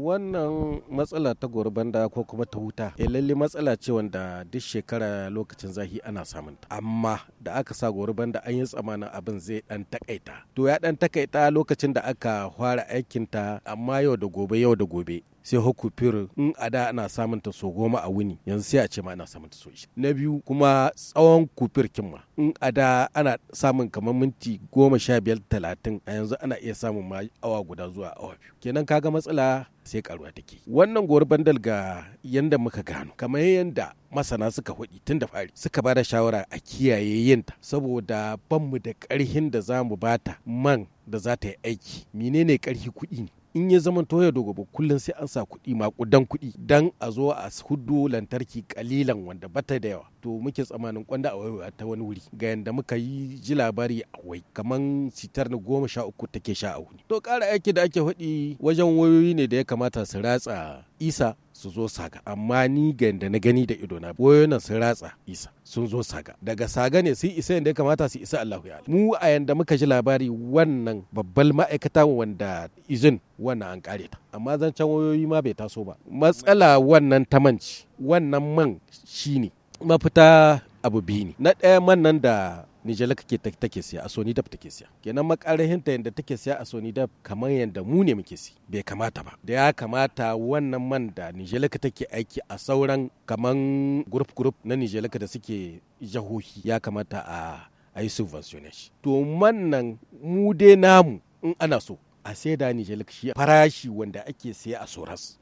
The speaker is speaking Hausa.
wannan matsala ta banda ko kuma ta huta e eh, lalle matsala ce wanda duk shekara lokacin zahi ana samun ta amma da aka sa banda an yi tsamanin abin zai dan takaita to ya dan takaita lokacin da aka fara aikin ta amma yau da gobe yau da gobe sai hukufir in a da ana samun ta so goma a wuni yanzu sai a ce ma ana samun ta so na biyu kuma tsawon kufir ma in a da ana samun kamar minti goma sha biyar talatin a yanzu ana iya samun ma awa guda zuwa awa biyu kenan kaga matsala sai karuwa take wannan gorbandal ga yanda muka gano kamar yadda masana suka hudi tun da fari suka ba da shawara a kiyaye yinta saboda banmu da karhin da za mu bata man da za ta yi aiki menene karhi kuɗi ne in ya zama toya dogoba kullum sai an sa kuɗi makudan kuɗi dan a zo a hudu lantarki kalilan wanda bata da yawa to muke tsamanin kwanda a waiwa ta wani wuri ga yanda muka yi ji labari a wai kamar sitar na goma sha uku take sha a wuni to ƙara aiki da ake faɗi wajen wayoyi ne da ya kamata su ratsa isa su zo saga amma ni da na gani da ido na wayoyin sun ratsa isa sun zo saga daga saga ne su isa yadda ya kamata su isa Allahu ya mu a yanda muka ji labari wannan babbal ma'aikata wanda izin wannan an kare ta amma zancen wayoyi ma bai taso ba matsala wannan tamanci wannan man shine mafita abu biyu ne na ɗaya man nan da Nijar kake take siya a Sony Dab take siya kenan makarahin ta ke siya a Sony Dab kamar yadda mu ne muke si bai kamata ba da ya kamata wannan man da ta take aiki a sauran kaman gurup-gurup na Nijalaka da suke jahohi ya kamata a ayi yi to man nan mu dai namu in ana so a da Nijalaka shi farashi wanda ake siya a Soras